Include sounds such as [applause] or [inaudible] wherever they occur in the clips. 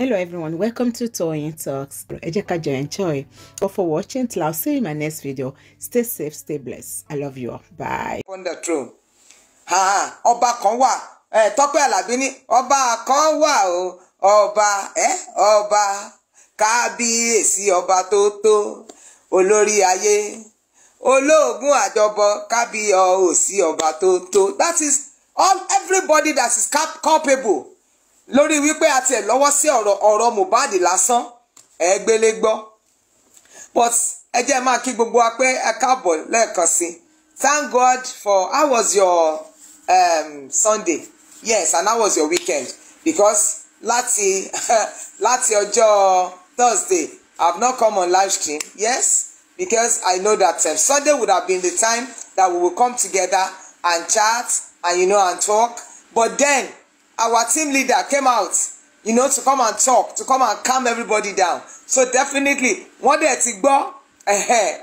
Hello everyone, welcome to Toyeen Talks. Ẹ jẹ́ ká enjoy. But for watching till I'll see you in my next video. Stay safe, stay blessed. I love you all. Bye. On the throne. Ha ha. Oba konwa. Eh. Tọ́pẹ́ alabini. Oba konwa. kan wà o Oba. ẹ ọba kábíyèsí ọba tó tó olórí ayé olóògùn àjọbọ kábíyọ òsì ọba tó tó that is all everybody that is cap culpable lórí wípé a tiẹ̀ lọ́wọ́ sí ọ̀rọ̀ ọ̀rọ̀ Mohbad lásán ẹ̀ẹ́gbélé gbọ́ but ẹ jẹ́ máa kí gbogbo wa pé ẹ káàbọ̀ lẹ́ẹ̀kan sí thank God for how was your um, Sunday yes and how was your weekend because láti [laughs] láti ọjọ́ Thursday I have not come on live stream yes because I know that uh, Sunday would have been the time that we will come together and chat and you know and talk but then our team leader came out you know to come and talk to come and calm everybody down so definitely wọ́n dẹ̀ ti gbọ́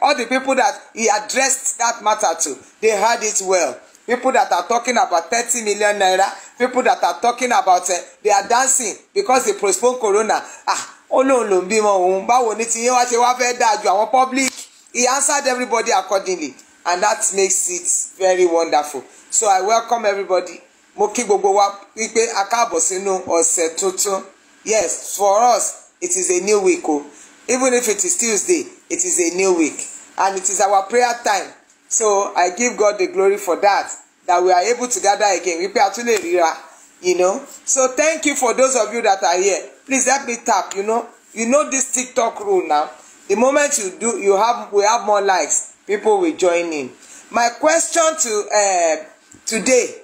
all the people that he addressed that matter to they heard it well people that are talking about thirty million naira people that are talking about uh, they are dancing because they postpone corona ah ó lóun ló ń bímọ òun báwo ni tiyín wá ṣe wá fẹ́ dáa àwọn public he answered everybody accordingly and that makes it very wonderful so i welcome everybody mo kí gbogbo wa wípé a káàbọ̀ sínú ọ̀sẹ̀ tuntun yes for us it is a new week o even if it is Tuesday it is a new week and it is our prayer time so I give God the glory for that that we are able to gather again wípé a tún lè ríra you know so thank you for those of you that are here please help me tap you know you know this TikTok rule now the moment you do you have we have more likes people will join in my question to uh, today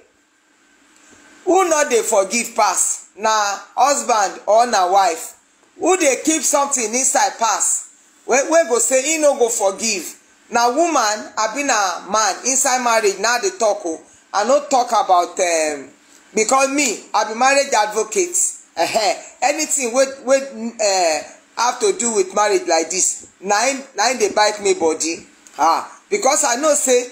who no dey forgive pass na husband or na wife who dey keep something inside pass wey go say e no go forgive na woman abi na man inside marriage na dey talk o oh. i no talk about um, because me i be marriage advocate uh -huh. anything wey wey uh, have to do with marriage like this na im na im dey bite me body ah because i know say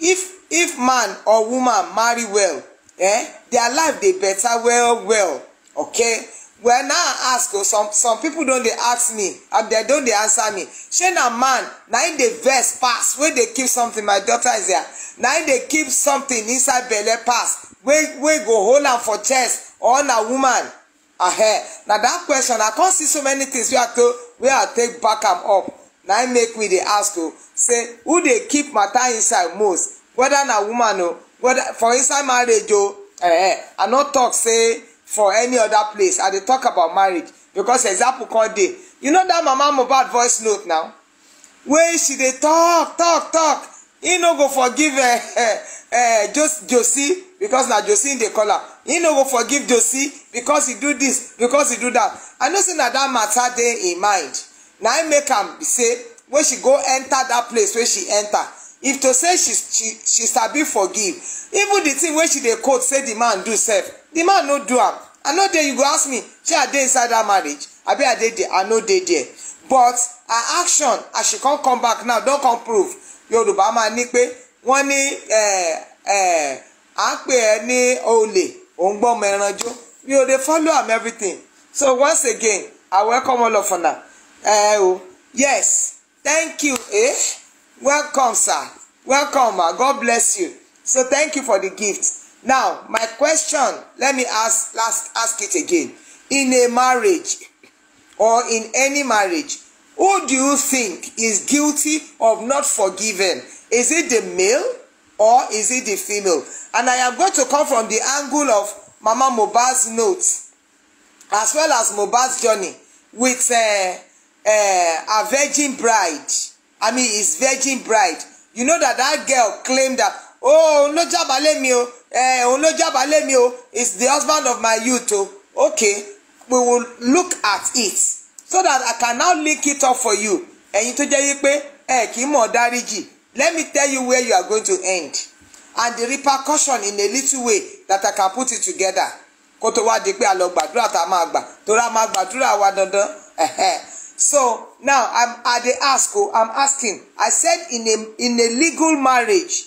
if if man or woman marry well eh their life dey better well well okay well now i ask oh some some people don dey ask me and uh, dem don dey answer me shey na man na im dey vex pass wey dey keep something my daughter is there na im dey keep something inside belle pass wey wey go hold am for chest or na woman ahe na that question i come see so many things wey i to wey i take back am up na im make me dey ask oh say who dey keep matter inside most whether na woman o whether for inside marriage o oh, eh, eh, i no talk say for any other place i dey talk about marriage because example come dey you know that mama mohbad voice note now wey she dey talk talk talk he no go forgive uh, uh, uh, josie because na josie dey call am he no go forgive josie because he do this because he do that i know say na that matter dey im mind na im make am say when she go enter that place wey she enter if to say she she she sabi forgive even the thing wey she dey quote say the man do sef the man no do am i no dey you go ask me shey i dey inside that marriage abi i dey there i no dey there but her action as she come come back now don come prove yorùbá máa ní pé wọ́n ní à ń pè ẹ́ ni ole òun gbọ́ ọmọ ẹranjó we go dey follow am everything so once again i welcome all of una ẹ o yes thank you. Eh? Welcome, sir. Welcome, ma. God bless you. So thank you for the gift. Now, my question, let me ask last ask it again. In a marriage or in any marriage, who do you think is guilty of not forgiving? Is it the male or is it the female? And I am going to come from the angle of Mama Mohbad's notes as well as Mohbad's journey with uh, uh, a virgin bride. I mean his virgin bride you know that that girl claimed that oh òun ló jábàálẹ̀ mi o eh òun ló jábàálẹ̀ mi o is the husband of my youth o okay we will look at it so that I can now link it up for you ẹ̀yin tó jẹ́ wípé ẹ kì í mọ̀ dáríjì let me tell you where you are going to end and the repercussion in a little way that I can put it together kó tó wá di pé a lọ gbàdúrà tá a máa gbà tó rà máa gbàdúrà wa dandan So now I'm at the ask. Oh, I'm asking. I said in a in a legal marriage,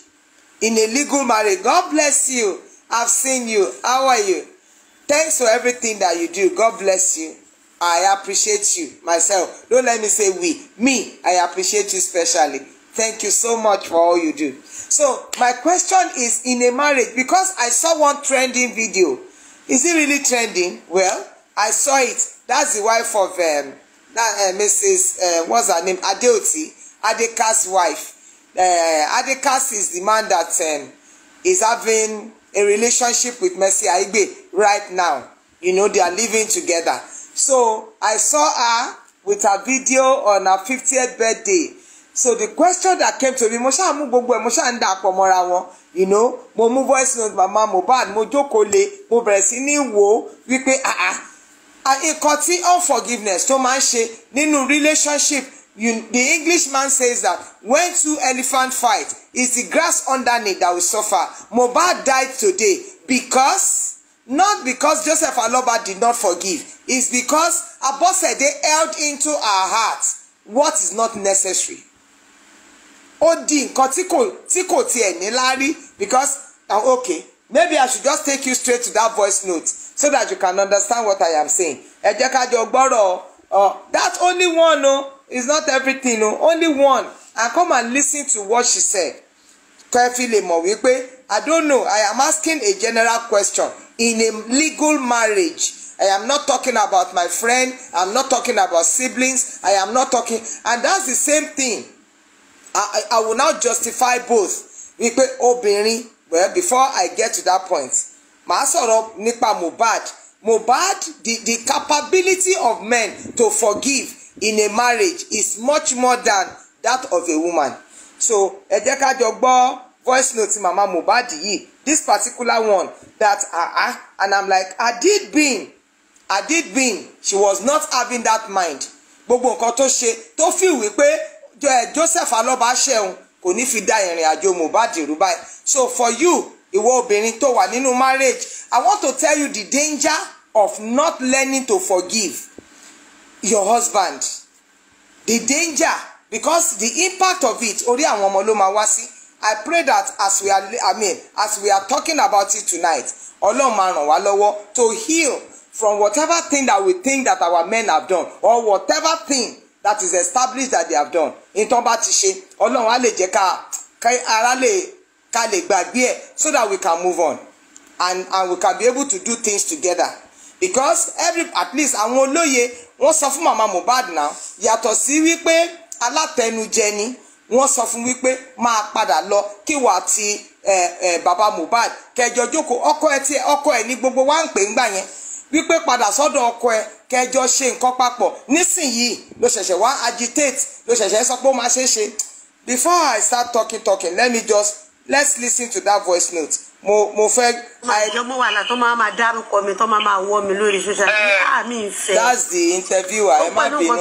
in a legal marriage. God bless you. I've seen you. How are you? Thanks for everything that you do. God bless you. I appreciate you myself. Don't let me say we. Me, I appreciate you specially. Thank you so much for all you do. So my question is in a marriage because I saw one trending video. Is it really trending? Well, I saw it. That's the wife of um, that uh, eh, Mrs. Uh, eh, what's her name? Adeoti, Adeka's wife. Uh, eh, Adekas is the man that um, is having a relationship with Mercy Aigbe right now. You know, they are living together. So I saw her with her video on her 50th birthday. So the question that came to me, mo ṣáà mú gbogbo ẹ̀ you know, mo voice note mama Mohbad, mo jókòó lé, mo bẹ̀rẹ̀ sí ní ah ah nǹkan tí unforgiveness tó máa ń ṣe nínú relationship you, the Englishman says that when two elephant fight it's the grass underneath that will suffer Mohbad died today because not because Joseph Aloba did not forgive it's because Abosede held into our heart what is not necessary ó di nǹkan tí kò tí kò tiẹ̀ ní láárí because uh, okay maybe I should just take you straight to that voice note so that you can understand what I am saying ẹ jẹ́ ká jọ gbọ́rọ̀ ọ uh, that's only one o oh. no? it's not everything o oh. no? only one I come and listen to what she said kẹ́ fi lè mọ̀ wípé I don't know I am asking a general question in a legal marriage I am not talking about my friend I am not talking about siblings I am not talking and that's the same thing I, I, I will now justify both wípé obìnrin well before I get to that point màá sọ̀rọ̀ nípa Mohbad Mohbad the the capability of men to forgive in a marriage is much more than that of a woman so ẹ jẹ́ ká jọ gbọ́ voice note mama Mohbad yìí this particular one that ah uh, uh, and I'm like I did been, I did been. she was not having that mind gbogbo nǹkan tó ṣe tó fi wípé eh, Joseph Alọ́ba ṣẹ̀hún kò ní fi dá ìrìn àjò Mohbad rú báyìí so for you ìwọ obìnrin tó wà nínú marriage i want to tell you the danger of not learning to forgive your husband the danger because the impact of it orí àwọn ọmọ ló máa wá sí i pray that as we are i mean as we are talking about it tonight ọlọ́run máa ràn wá lọ́wọ́ to heal from whatever thing that we think that our men have done or whatever thing that is established that they have done ìtàn bá ti ṣe ọlọ́run á lè jẹ́ ká ara lè ká lè gbàgbé ẹ̀ so that we can move on and and we can be able to do things together because every at least àwọn olóye wọ́n sọ fún mama Mohbad now yàtọ̀ sí wípé alátẹnujẹ ni wọ́n sọ fún wípé máa padà lọ kíwà àti ẹ ẹ baba Mohbad kẹjọ jókòó ọkọ ẹ tí ọkọ ẹ ní gbogbo wa ń pè ń gbà yẹn wípé padà sọ́dọ̀ ọkọ ẹ kẹjọ ṣe nǹkan papọ̀ nísìnyìí ló ṣẹ̀ṣẹ̀ wá agitate ló ṣẹ̀ṣẹ̀ sọ pé ó máa ṣe é ṣe before I start talking talking let me just let's listen to that voice note mo mo fẹ́. ìjọba wàhálà tó máa máa dárúkọ mi tó máa máa wọ́ mi lórí social media àmì eh. ah, ìfẹ́. that's the interviewer ẹ má bínú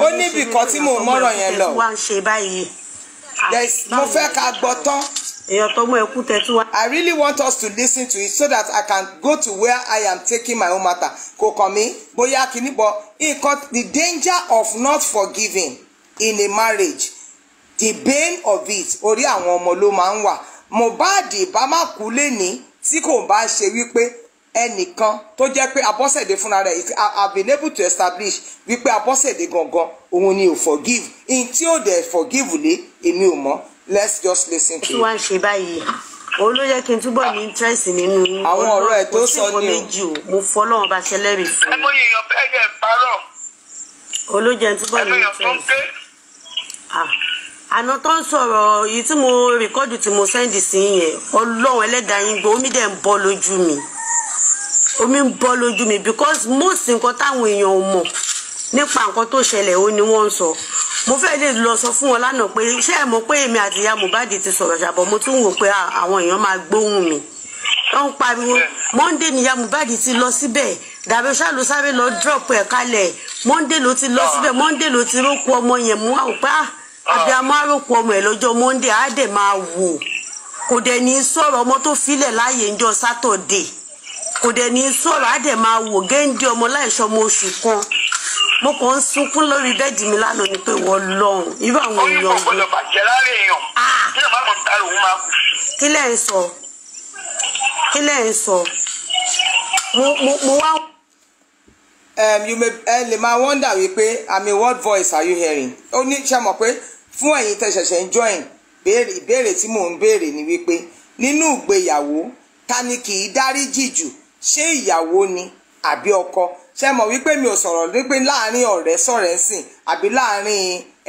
ó níbi kan tí mò mọ̀rọ̀ yẹn lọ. Ah, mo fẹ́ ká gbọ́ tán. èèyàn tó mú ẹkú tẹ́tú wá. I really want us to listen to it so that I can go to where I am taking my own matter kò kàn mí bóyá kìíní bọ nǹkan the danger of not forgiving in a marriage the bane of it orí àwọn ọmọ ló máa ń wà Mohbad bá má kú lẹ́ni tí kò bá ṣe wípé ẹnìkan tó jẹ́ pé Abọ́sẹ̀dé fúnra rẹ̀ have been able to establish wípé Abọ́sẹ̀dé gangan òun ni ò forgive in tí ò dẹ̀ forgive lé èmi ò mọ̀ let's just listen to it. kí wàá ṣe báyìí òun ló yẹ kí n túbọ̀ ní interest nínú àwọn ọ̀rọ̀ ẹ̀ tó sọ ni o kò sí nǹkan méjì o mo fọ́ lọ́wọ́ bá ṣẹlẹ́rì fún un. ẹgbẹ́ èèyàn bẹ́ẹ̀ yẹn parọ́. òun túbọ̀ ní interest. ẹgbẹ́ èèyàn tó ń gbé àná tó ń sọ̀rọ̀ yìí tí mo rìkọ́dù tí mo sẹ́ndì sí yẹn ọlọ́run ẹlẹ́dàá yín gbọ́ omi dẹ̀ ń bọ́ lójú mi omi ń bọ́ lójú mi because most nǹkan táwọn èèyàn ò mọ̀ nípa nǹkan tó ṣẹlẹ̀ ó ní wọ́n ń sọ mo fẹ́ lè lọ sọ fún wọn lánàá pé ṣé ẹ mọ̀ pé èmi àti ìyá Mohbad ti sọ̀rọ̀ ṣàbọ̀ mo tún wò pé àwọn èèyàn máa gbóhùn mi wọ́n ń pariwo Monday ni ìyá Mohbad ti lọ síbẹ̀ dàbẹ́ṣà ló sáré lọ drop ẹ̀ kalẹ̀ Monday ló ti lọ síbẹ̀ Monday ló ti rókù ọmọ yẹn mú àwòpá abiyamọ ah. àròpọ̀ ọmọ ẹ̀ lọ́jọ́ monday á dẹ̀ máa wò kò dẹ̀ ní sọ̀rọ̀ ọmọ tó filẹ̀ láàyè ńjọ́ sátọ̀dẹ̀ kò dẹ̀ ní sọ̀rọ̀ á dẹ̀ máa wò géńdé ọmọ láìsọ ọmọ oṣù kan mo kàn ń sunkún lórí bẹ́ẹ̀dì mi lánàá ni pé wọ́n lọ́hùn irú àwọn èèyàn wò. ó ní kò gbọdọ̀ bàjẹ́ láàrin èèyàn ah. kí ló máa mọ̀ tá lòun máa kù. kí lẹ̀ ń sọ kí lẹ̀ ń sọ mo mo mo wá. Um, ẹ lè máa wonder wípé àmì what voice are you hearing? ó ní ṣe mọ̀ pé fún ẹ̀yin tẹ́ ṣẹ̀ṣẹ̀ ń join ìbéèrè tí mò ń béèrè ni wípé nínú ìgbéyàwó ta ni kì í dáríjì jù ṣé ìyàwó ni àbí ọkọ ṣe mọ̀ wípé mi ò sọ̀rọ̀ wípé láàrin ọ̀rẹ́ sọ̀rẹ́ sìn àbí láàrin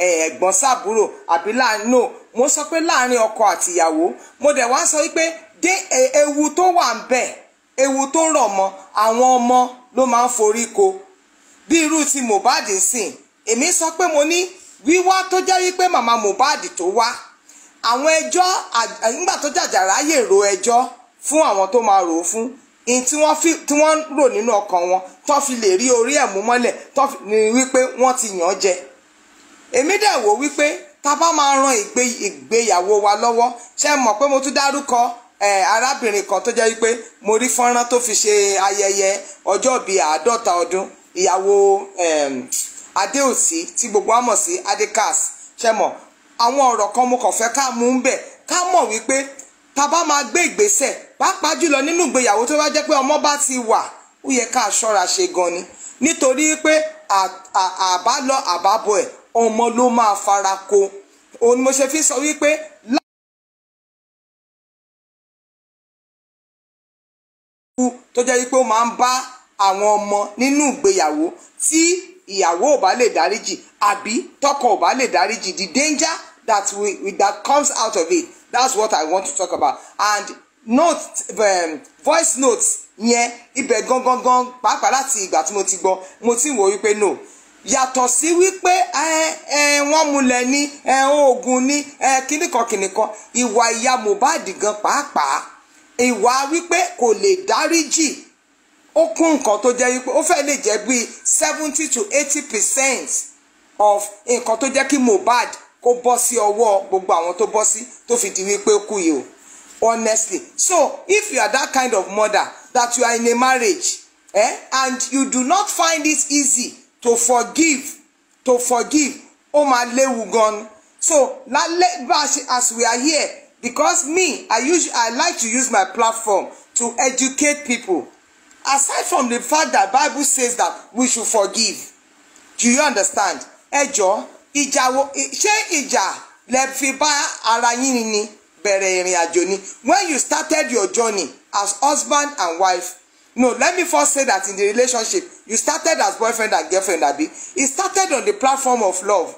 ẹ̀gbọ́n sàbúrò àbí láàrin no mo sọ pé láàrin ọkọ àtìyàwó mo dẹ̀ wá sọ wípé dé e, ewu tó wà ń bẹ̀ ewu tó rọ̀ mọ́ àwọn ọmọ ló máa ń forí ko bí irú ti Mohbad sìn èmi sọ pé mo ní wíwá tó jẹ́ wípé màmá Mohbad tó wá àwọn ẹjọ́ nígbà tó jàjàrà yè ro ẹjọ́ fún àwọn tó máa rò ó fún in tí wọ́n rò nínú ọkàn wọn tó fi lè rí orí ẹ̀ mú mọ́lẹ̀ tó fi ní wípé wọ́n ti yàn án jẹ èmi dẹ̀ wò wípé tá bá máa ran ìgbéyàwó wa lọ́wọ́ ṣe mọ̀ pé mo tún dárúkọ arábìnrin kan tó jẹ́ wípé mo rí fọ́nrán tó fi ṣe ayẹyẹ ọjọ́ bíi àádọ́ta ọdún ìyàwó adéòsí tí gbogbo àmọ̀ sí adékas ṣẹmọ̀ àwọn ọ̀rọ̀ kan mo kàn fẹ́ ká mú un bẹ̀ ká mọ̀ wípé tá bá máa gbé ìgbésẹ̀ pàápàá jùlọ nínú ìgbéyàwó tó bá jẹ́ pé ọmọ bá ti wà ó yẹ ká ṣọ́ra ṣe gan ni nítorí pé àbálọ àbábọ̀ ẹ̀ ọmọ ló máa fara ko òun ni mo ṣe fi sọ wípé tó jẹ́ wípé ó máa ń bá àwọn ọmọ nínú ìgbéyàwó tí ìyàwó ò bá lè dáríjì àbí tọkọ ò bá lè dáríjì the danger that we, we that comes out of it that's what i want to talk about and note um, voice note yẹn ibẹ̀ gangan pàápàá láti ìgbà tí mo ti gbọ́ mo ti wò wípé no yàtọ̀ sí wípé wọ́n múlẹ̀ ní oògùn ní kíníkan kíníkan ìwà ìyá Mohbad gan pàápàá ìwà wípé kò lè dáríjì ó kún nǹkan tó jẹ́ wípé ó fẹ́ lè jẹ́ bíi seventy to eighty percent of nǹkan tó jẹ́ kí Mohbad kó bọ́ sí ọwọ́ gbogbo àwọn tó bọ́ sí tó fi di wípé ó kú yìí o honestly so if you are that kind of mother that you are in a marriage eh, and you do not find it easy to forgive to forgive ó máa léwu gan so lálẹ́ bá a ṣe as we are here because me I, use, I like to use my platform to educate people aside from the fact that Bible says that we should forgive do you understand ẹ jọ̀ọ́ ìjà wo ṣé ìjà lẹ fi bá ara yín ni bẹ̀rẹ̀ ìrìn àjò ni when you started your journey as husband and wife no let me first say that in the relationship you started as boyfriend and girlfriend abi it started on the platform of love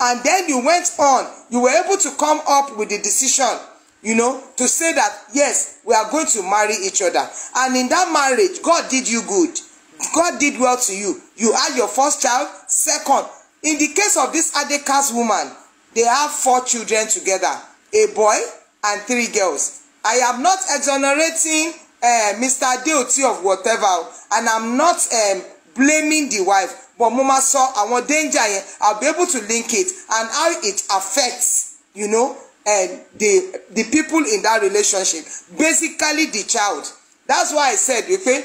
and then you went on you were able to come up with the decision you know to say that yes we are going to marry each other and in that marriage God did you good God did well to you you had your first child second in the case of this Adeka's woman they have four children together a boy and three girls I am not exonerating uh, eh, Mr. Deoti of whatever and I'm not um, blaming the wife but mo saw sọ àwọn danger yẹn I'll be able to link it and how it affects you know And the the people in that relationship basically the child that's why i said okay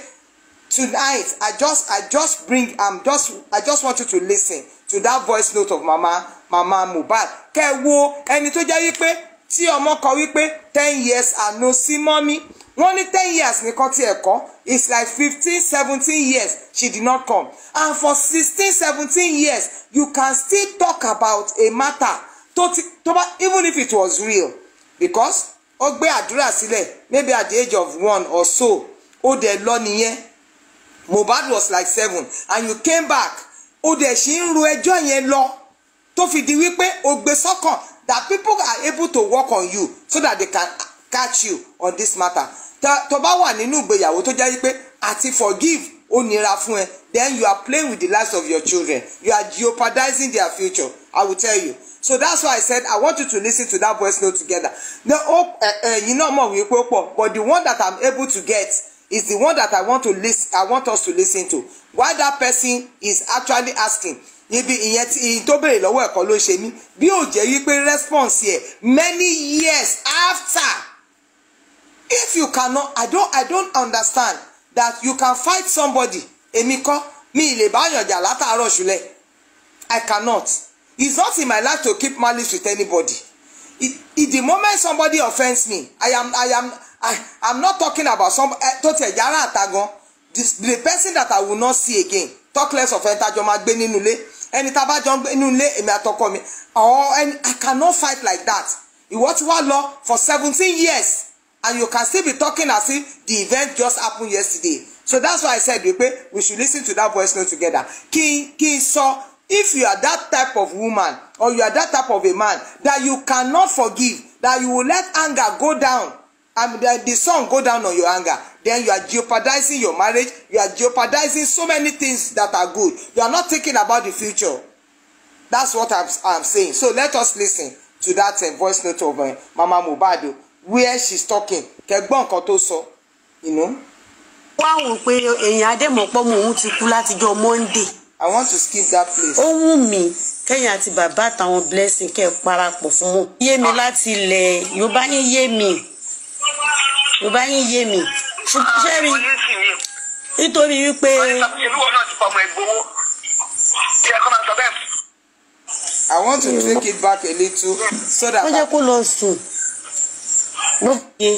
tonight i just i just bring am um, just i just want you to listen to that voice note of mama mama Mohbad kẹ́ wo ẹni tó jẹ́ wípé tí ọmọ kọ wípé ten years and no see mommy wọ́n ní ten years nìkan tí ẹ̀ kọ́ it's like fifteen seventeen years she did not come and for sixteen seventeen years you can still talk about a matter tó ti tó bá even if it was real because ó gbé àdúrà sílẹ̀ maybe at the age of one or so ó dẹ̀ lọ nìyẹn Mohbad was like seven and you came back ó dẹ̀ ṣì ń ro ẹjọ́ yẹn lọ tó fi di wípé o gbé sọ́kàn that people are able to work on you so that they can catch you on this matter tó bá wà nínú ìgbéyàwó tó jẹ́ wípé àti forgive ó nira fún ẹ then you are playing with the lives of your children you are jeopardizing their future i will tell you so that's why i said i want you to listen to that voice note together no ó ẹ̀yin náà mọ̀ wípé ó but the one that i'm able to get is the one that i want to listen i want us to listen to why that person is actually asking ibi ìyẹn tí ìyìn tó béèrè lọ́wọ́ ẹ̀kọ́ ló ṣe mí bí ò jẹ́ wípé response yẹ many years after if you cannot i don't i don't understand that you can fight somebody èmi kọ́ mi ì lè báyàn jà látàárọ̀ I cannot it's not in my life to keep malice with anybody it, the moment somebody offends me I am I am I am not talking about some eh, tó tiẹ̀ yàrá àtàgàn the person that I will not see again talk less of ẹ̀ńtàjọ́ máa gbé nínú ilé Eni tá a bá jọ ń gbé nínú ilé èmi àtọkọ mi I cannot fight like that ìwọ ti wá lọ for seventeen years and you can still be talking as if the event just happened yesterday so that's why i said wípé we should listen to that voice note together kí kí n if you are that type of woman or you are that type of a man that you cannot forgive that you will let anger go down and the, the sun go down on your anger then you are jeopardizing your marriage you are jeopardizing so many things that are good you are not thinking about the future that's what i'm i'm saying so let us listen to that uh, voice note of uh, Mama Mohbad o where she's talking kẹgbọ́n nǹkan tó sọ inú. wá wò pé èèyàn adémọ̀pọ̀ mò ń ti kú látijọ́ monday. i want to skip that place. ó wù mí kẹ́yìn àti bàbá àtàwọn blessing kẹ́ ẹ̀ parapọ̀ fún wọn. yé mi láti ilẹ̀ yorùbá yín yé mi yorùbá yín yé mi ṣùgbọ́n ṣé nítorí wípé. I want to take it back a little so that. wọ́n jẹ́ kó lọ sùn ló yẹ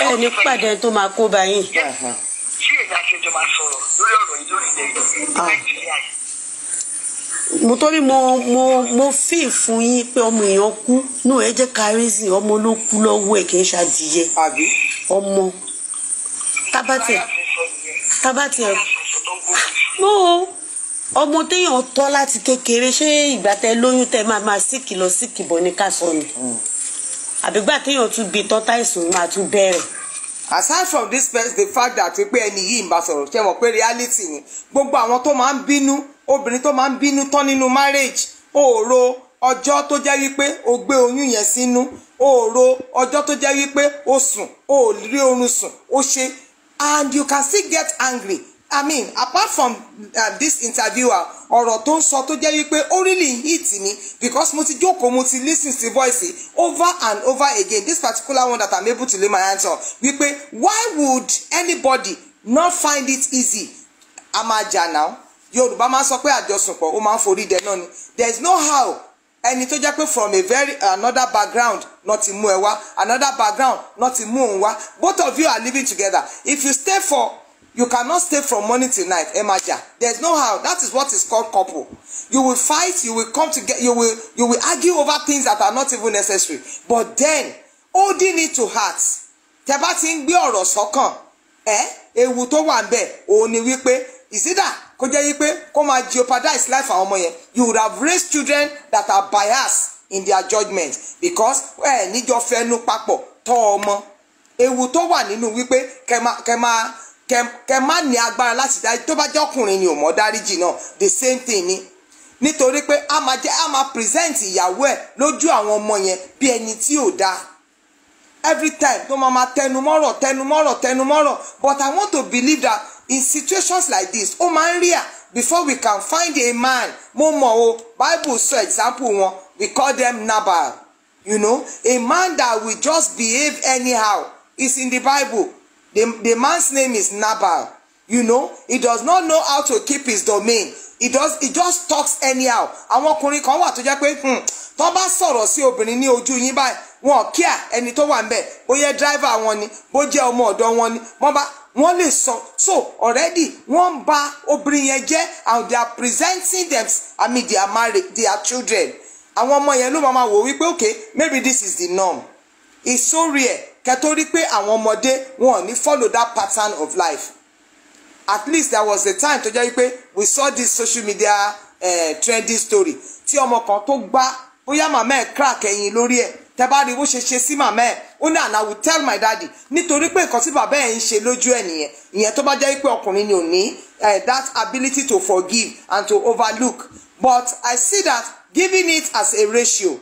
ẹ ní pàdé tó máa kó bá yín. tí èyí àṣejọ máa sọ̀rọ̀ lórí ọ̀rọ̀ yìí lórí ilẹ̀ yìí ah. nàìjíríà yìí. mo torí mo mo mo fi fún yín pé ọmọ èèyàn kú nù ẹ jẹ́ kárísì ọmọ ló kú lọ́wọ́ ẹ̀ kì í ṣàdìyẹ ọmọ tábàtì tábàtì ẹ̀ no ọmọ téèyàn tọ́ láti kékeré ṣé ìgbà tẹ lóyún tẹ máa máa síkì lọ síkì bọ̀ ní ká sọ ni. Mm àbígbà kéèyàn tún bi tọ́ta ìsòro àtún bẹ̀rẹ̀. aside from this the fact that pé ẹni yìí ń bá sọ̀rọ̀ ṣe mọ̀ pé reality ni gbogbo àwọn tó máa ń bínú obìnrin tó máa ń bínú tán nínú marriage òòró ọjọ́ tó jẹ́ wípé o gbé oyún yẹn sínú òòró ọjọ́ tó jẹ́ wípé o sùn o ò rí oorun sùn o ṣe and you can still get angry I mean apart from uh, this interviewer ọ̀rọ̀ tó ń sọ tó jẹ́ wípé ó really hit me because mo ti jókòó mo ti listen to voice over and over again this particular one that I'm able to lay my hands on wípé why would anybody not find it easy amaja now Yorùbá máa ń sọ pé àjọsùnpọ̀ ó máa ń forí dẹ náà ni there is no how ẹni tó jẹ́ pé from a very another background náà ti mú ẹ wá another background náà ti mú òun wá both of you are living together if you stay for you cannot stay from morning till night emaja there is no how that is what is called couple you will fight you will come together you will you will argue over things that are not even necessary but then holding it to heart tẹ bá ti ń gbé ọ̀rọ̀ sọ́kàn ẹ ewu tó wà ń bẹ̀ òun ni wípé ìsídà kó jẹ́ wípé kó máa jeopardize life àwọn ọmọ yẹn you would have raised children that are biased in their judgement because ẹ níjọ fẹnu papọ̀ tọ́ ọmọ ewu tó wà nínú wípé kẹ máa kẹ máa kẹ má ní agbára láti dáríjì tó bá jẹ́ ọkùnrin ni ò mọ̀ dáríjì náà the same thing ni nítorí pé a máa jẹ́ a máa present ìyàwó ẹ̀ lójú àwọn ọmọ yẹn bí ẹni tí ò dáa every time tó máa máa tẹnumọ́rọ̀ tẹnumọ́rọ̀ tẹnumọ́rọ̀ but I want to believe that in situations like this ó máa ń rí à before we can find a man mo mọ̀ o Bible so example wọn we call them Nabal you know a man that will just behave anyhow is in the Bible The, the man's name is Nabal. You know, he does not know how to keep his domain. He does he just talks anyhow. Àwọn ọkùnrin kan wà tó jẹ́ pé hmm, tó bá sọ̀rọ̀ sí obìnrin ní ojú yín báyìí wọn kíá ẹni tó wà ń bẹ̀ bó yẹ wọn ni bó jẹ́ ọmọ ọ̀dọ̀ wọn ni wọ́n bá wọ́n lè sọ so already wọ́n ń ba obìnrin yẹn jẹ́ and they are presenting them I mean they are married, they are children. Àwọn ọmọ yẹn ló máa ma wò wípé okay maybe this is the norm. It's so rare kẹtórí pé àwọn ọmọdé wọn ò ní follow that pattern of life at least there was the time to jẹ́ wípé we saw this social media uh, eh, trending story Ti ọmọ kan tó gbá bóyá màmá ẹ̀ crack ẹ̀yìn lórí ẹ̀ tẹ bá rí bó ṣe ṣe sí màmá ẹ̀ ó ní and I will tell my daddy nítorí pé nǹkan tí bàbá ẹ̀ ń ṣe lójú ẹ̀ nìyẹn ìyẹn tó bá jẹ́ wípé ọkùnrin ni ò ní eh, that ability to forgive and to overlook but I see that giving it as a ratio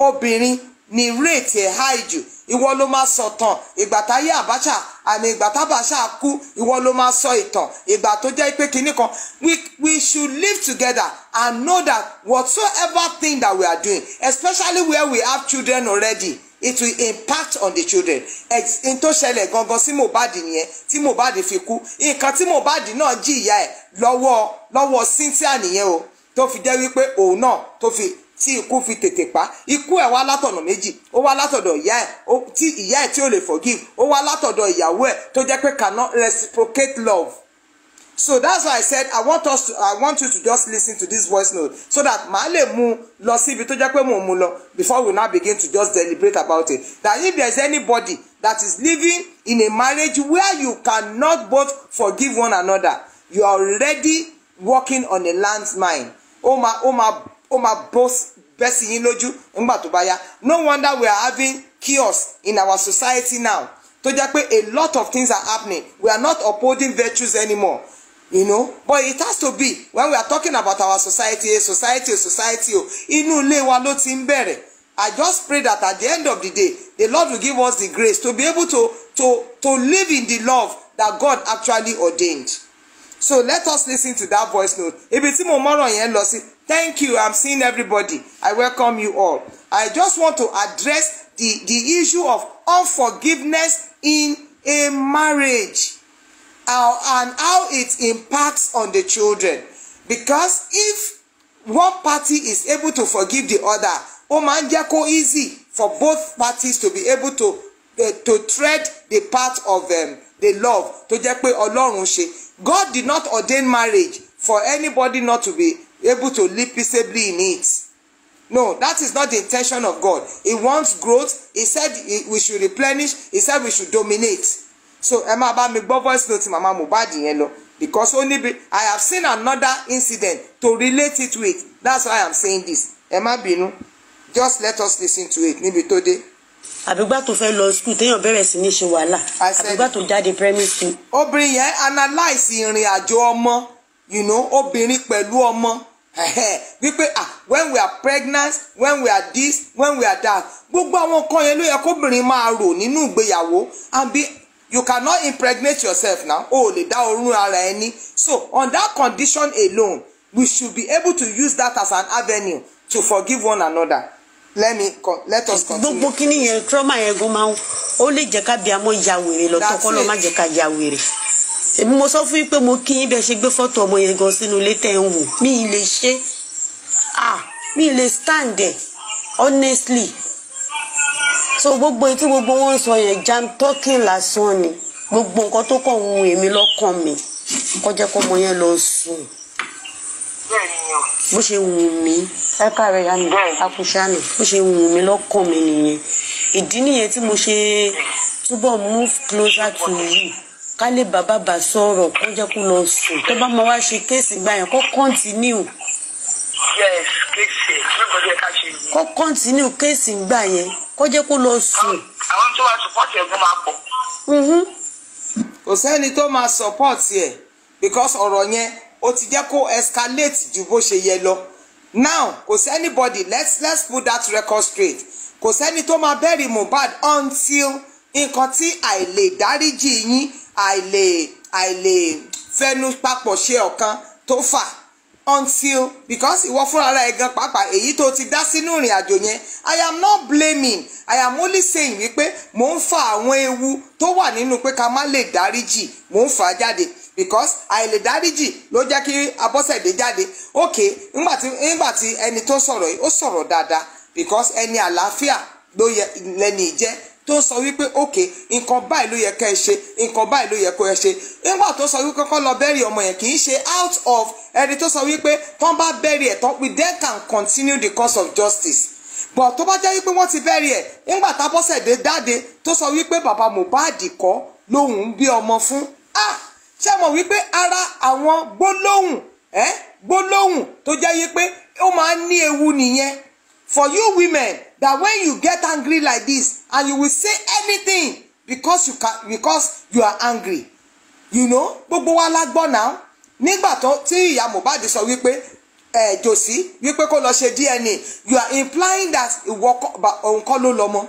obìnrin ni rate ẹ̀ high jù ìwọ ló máa sọ̀tàn ìgbà táyé Abacha àmì ìgbà tábàṣà kú ìwọ ló máa sọ ìtàn ìgbà tó jẹ́ pé kinní kan we we should live together and know that whatsoever thing that we are doing especially where we have children already it will impact on the children ex n tó ṣẹlẹ̀ gangan sí Mohbad nìyẹn tí Mohbad fi kú nǹkan tí Mohbad náà jìyà ẹ̀ lọ́wọ́ lọ́wọ́ Cynthia nìyẹn o tó fi jẹ́ wípé òun náà tó fi tí ikú fi tètè pa ikú ẹ̀ wá látọ̀nà méjì ó wá látọ̀dọ̀ ìyá ẹ̀ tí ìyá ẹ̀ tí ò lè forgive ó wá látọ̀dọ̀ ìyàwó ẹ̀ tó jẹ́ pé cannot reciprocate love so that's why i said i want us to i want you to just listen to this voice note so that màá lè mú lọ síbi tó jẹ́ pé mò ń mú lọ before we now begin to just deliberate about it that if there is anybody that is living in a marriage where you cannot both forgive one another you are already working on a landmine ó máa ó máa ó máa bẹ́ sí yín lójú nígbà tó bá yá no wonder we are having chaos in our society now tó jẹ́ pé a lot of things are happening we are not upholding virtues anymore you know but it has to be when we are talking about our society a eh, society a oh, society o oh, inú ilé wa ló ti ń bẹ̀rẹ̀ i just pray that at the end of the day the lord will give us the grace to be able to to to live in the love that god actually ordained so let us listen to that voice note ibi tí mo mọ̀rọ̀ yẹn lọ sí Thank you. I'm seeing everybody. I welcome you all. I just want to address the, the issue of unforgiveness in a marriage uh, and how it impacts on the children. Because if one party is able to forgive the other, ó man, ń jẹ́ easy for both parties to be able to uh, to tread the path of um, the love to jẹ́ pé Ọlọ́run ṣe. God did not ordain marriage for anybody not to be able to live peaceably in it. No, that is not the intention of God. He wants growth. He said we should replenish. He said we should dominate. So ẹ máa bá mi gbọ́ voice note màmá Mohbad yẹn lọ because only níbi I have seen another incident to relate it with. That's why I'm saying this. Emma, má bínú. Just let us listen to it níbi tó dé. àbígbà tó fẹ́ lọ skul téèyàn bẹ̀rẹ̀ sí ní ṣe wàhálà àbígbà tó jáde primary school. obìnrin yẹn analyse ìrìn àjò ọmọ you know obìnrin pẹ̀lú ọmọ wípé ah when we are pregnant when we are this when we are that gbogbo àwọn nǹkan yẹn ló yẹ kóbìnrin máa rò nínú ìgbéyàwó and be you cannot impregnate yourself now o oh, lè dá orun ara ẹni so on that condition alone we should be able to use that as an avenue to forgive one another let me let us continue. gbogbo kínní yẹn trauma yẹn gan máa ń ó lè jẹ́ ká bí amọ̀ ya wèrè lọ tọkọ́ lọ má jẹ́ ká ya wèrè èmi mo sọ fún yín pé mo kí yín bẹ́ẹ̀ ṣe gbé fọ́tò ọmọ yẹn gan sínú ilé tẹ́ ń wò mi ì lè ṣe ah ì lè stand ẹ̀ honestly so gbogbo etí gbogbo wọn sọ yẹn jam talking lásán ni gbogbo nǹkan tó kàn wù èmi lọ́kàn mi kọjá kó ọmọ yẹn lọ sùn bó ṣe wù mí ẹ̀ka rẹ̀ yá mi àkùṣá mi bó ṣe wù mí lọ́kàn mi nìyẹn ìdí nìyẹn tí mo ṣe túbọ̀ move closer to you ká lè bàbá bà sọ̀rọ̀ kó jẹ́ kó lọ sùn tó bá máa wá ṣe kéèsì gbà yẹn kó kọ́ntínú. yes kéèsì everybody ẹ ká ṣe yìí. kó kọ́ntínú kéèsì gbà yẹn kó jẹ́ kó lọ sùn. àwọn tó wá support ẹ̀gbọ́n máa pọ̀. Mm-hmm. kò sẹ́ni tó máa support ẹ̀ because ọ̀rọ̀ yẹn ó ti jẹ́ kó escalate ju bó ṣe yẹ lọ now kò sí anybody let's let's put that record straight kò sẹ́ni tó máa bẹ́ẹ̀rì Mohbad until nǹkan tí àìlè dáríjì yín àìlè àìlè fẹnu papọ̀ ṣe ọ̀kan tó fà until because ìwọ fúnra rẹ gan pàápàá èyí tó ti dá sínú ìrìn àjò yẹn i am not blaming i am only saying wípé mò ń fa àwọn ewu tó wà nínú pé ká má lè dáríjì mò ń fà á jáde because àìlè dáríjì ló jẹ́ kí abọ́sẹ̀dé jáde ok ńgbà tí ńgbà tí ẹni tó sọ̀rọ̀ yìí ó sọ̀rọ̀ dáadáa because ẹni àlàáfíà ló yẹ lẹ́ni ìjẹ́ tó sọ wípé òkè nǹkan báyìí ló yẹ ká ẹ ṣe nǹkan báyìí ló yẹ kó ẹ ṣe nígbà tó sọ wípé kọ́kọ́ lọ bẹ́rì ọmọ yẹn kì í ṣe out of ẹni tó sọ wípé tán bá bẹ́rì ẹ̀ tán we then can continue the course of justice but tó bá jẹ́ wípé wọ́n ti bẹ́rì ẹ̀ nígbà tábọ́sẹ̀dé dáde tó sọ wípé bàbá Mohbad kọ́ lòun ń bí ọmọ fún ah ṣé mọ̀ wípé ara àwọn gbólóhùn ẹ́ gbólóhùn tó jẹ́ wípé ó máa ń ní ewu nìyẹn for you women that when you get angry like this and you will say anything because you can because you are angry you know gbogbo wa la gbọ́ náà nígbà tó tí ìyá Mohbad sọ wípé ẹ jòsí wípé kó lọ ṣe DNA you are implying that ìwọ òun kọ́ ló lọ́mọ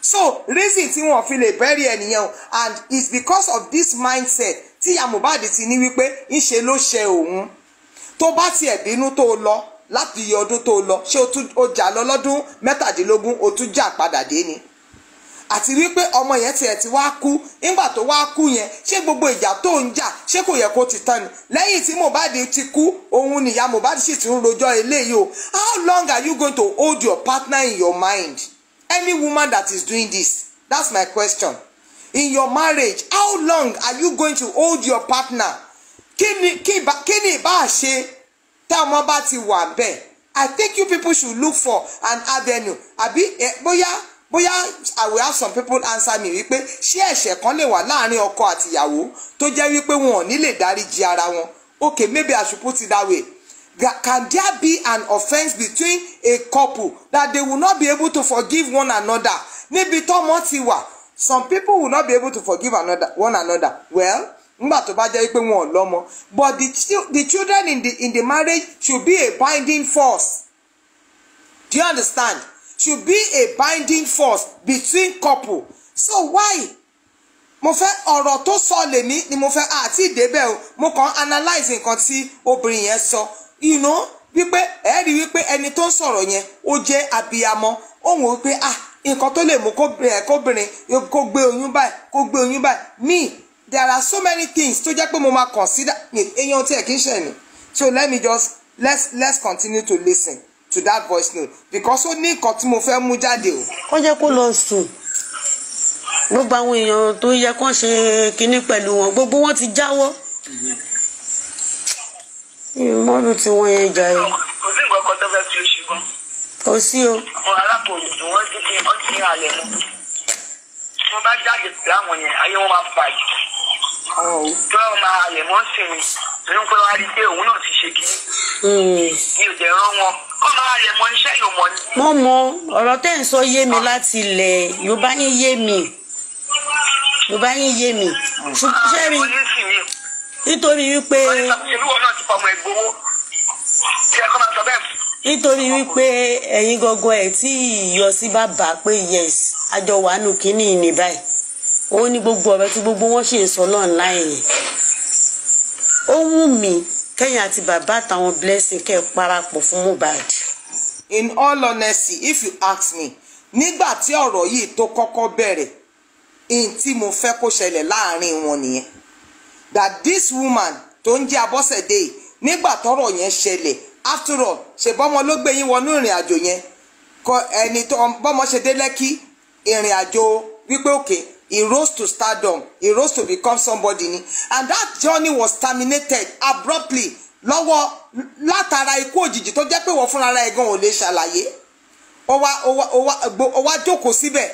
so reason tí wọn fi lè bury ènìyàn o and it's because of this mindset tí ìyá Mohbad ti ní wípé ńṣe ló ṣe òun tó bá tiẹ̀ bínú tó lọ láti iye ọdún tó lọ ṣé o jà lọ lọ́dún mẹ́tàdínlógún o tún jà padà dé ni àti wípé ọmọ yẹn tiẹ̀ ti wá kú nígbà tó wá kú yẹn ṣé gbogbo ìjà tó ń jà ṣé kò yẹ kó ti tán ni lẹ́yìn tí Mohbad ti kú òun nìyá Mohbad sì ti ń rojọ́ eléyìí o how long are you going to hold your partner in your mind any woman that is doing this that's my question in your marriage how long are you going to hold your partner kí ni kí ni ìbá ṣe táwọn bá ti wà bẹ́ẹ̀ I think you people should look for an avenue àbí ẹ eh, bóyá bóyá I will have some people answer me wípé ṣé ẹ̀ṣẹ̀ kan lè wà láàrin ọkọ àtìyàwó tó jẹ́ wípé wọn ò ní lè dáríji ara wọn okay maybe I should put it that way can there be an offence between a couple that they will not be able to forgive one another níbi tọ́mọ ti wà some people will not be able to forgive another, one another well nígbà tó bá jẹ́ pé wọn ò lọ́mọ but the, the children in the, in the marriage should be a binding force do you understand should be a binding force between couple so why mo fẹ́ ọ̀rọ̀ tó sọ lèmi ni mo fẹ́ àti ìdébẹ̀ o mo kàn analyse nǹkan tí obìnrin yẹn sọ you know wípé ẹ rí wípé ẹni tó ń sọ̀rọ̀ yẹn ó jẹ́ abiyamọ òun wípé ah nǹkan tó lè mú kóbìnrin kó gbé oyún báyìí kó gbé oyún báyìí míì there are so many things tó jẹ́ pé mo máa consider èèyàn tí ẹ̀ kí ń ṣẹ̀ ni so let me just let's let's continue to listen to that voice note because ó ní nǹkan tí mo fẹ́ mú jáde o. wọ́n jẹ́ kó lọ sùn gbogbo àwọn èèyàn tó yẹ kán ṣe kinní pẹ̀lú wọn gbogbo wọn ti jáwọ́ ìmọ̀lù tí wọ́n yẹn jà yìí. kò sí nǹkan kan tó fẹ́ fi oṣù gan. kò sí o. wọn alákòóso wọn ti fi ọtí àlẹ mọ. tí wọn bá jáde pẹ̀lú yẹn ayé wọn máa bàjẹ́ báwo máa i pé òun náà ti ṣe kí mi ò dẹ̀ rán wọn kó máa lè mọ iṣẹ́ yóò mọ ni. mo mọ ọ̀rọ̀ tẹ́ sọ yé mi láti ilẹ̀ yorùbá yín yé mi yorùbá yín yé mi ṣùgbọ́n ah, nítorí wípé. nítorí wípé ẹ̀yin gangan ẹ̀ tí yọ sí bàbá pé yes àjọ wàánu kínní ní báyìí ó ní gbogbo ọ̀rẹ́ tí gbogbo wọn ṣì ń sọ náà láì ó wù mí kẹ́yìn àti bàbá àtàwọn blessing kẹ́ ẹ fún Mohbad. in all honesty if you ask me nígbà tí ọ̀rọ̀ yìí tó kọ́kọ́ bẹ̀rẹ̀ in tí mo fẹ́ kó ṣẹlẹ̀ láàrin wọn nìyẹn that this woman tó ń jẹ́ Abọ́sẹ̀dé yìí nígbà tọ́rọ̀ yẹn ṣẹlẹ̀ after all ṣèbọ́mọ ló gbé yín wọnú ìrìn àjò yẹn kọ ẹni tó bọ́mọ ṣe dé lẹ́kí ìrìn àjò wípé òkè okay he rose to stardom he rose to become somebody ni and that journey was terminated abruptly lọ́wọ́ látara ikú òjijì tó jẹ́ pé wọ́n fúnra ẹ̀ gan ò lè ṣàlàyé ó wá ó wá ó wá jókòó síbẹ̀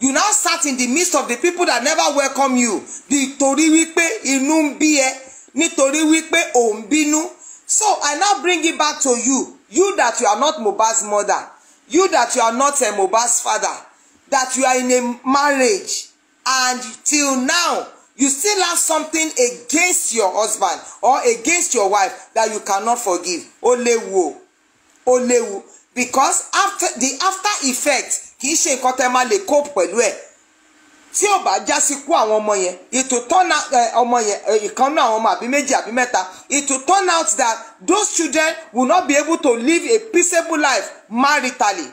you now sat in the midst of the people that never welcome you nítorí wípé inú ń bí ẹ nítorí wípé ò ń bínú so I now bring it back to you you that you are not Mohbad's mother you that you are not uh, Mohbad's father that you are in a marriage and till now you still have something against your husband or against your wife that you cannot forgive ó léwu o ó because after the after effect kì í ṣe nǹkan tẹ́ máa lè cope pẹ̀lú ẹ̀ tí ò bá já sí kú àwọn ọmọ yẹn it will turn out eh, ọmọ yẹn eh, ìkan náà àwọn ọmọ àbí méjì àbí mẹ́ta it will turn out that those children will not be able to live a peaceable life maritally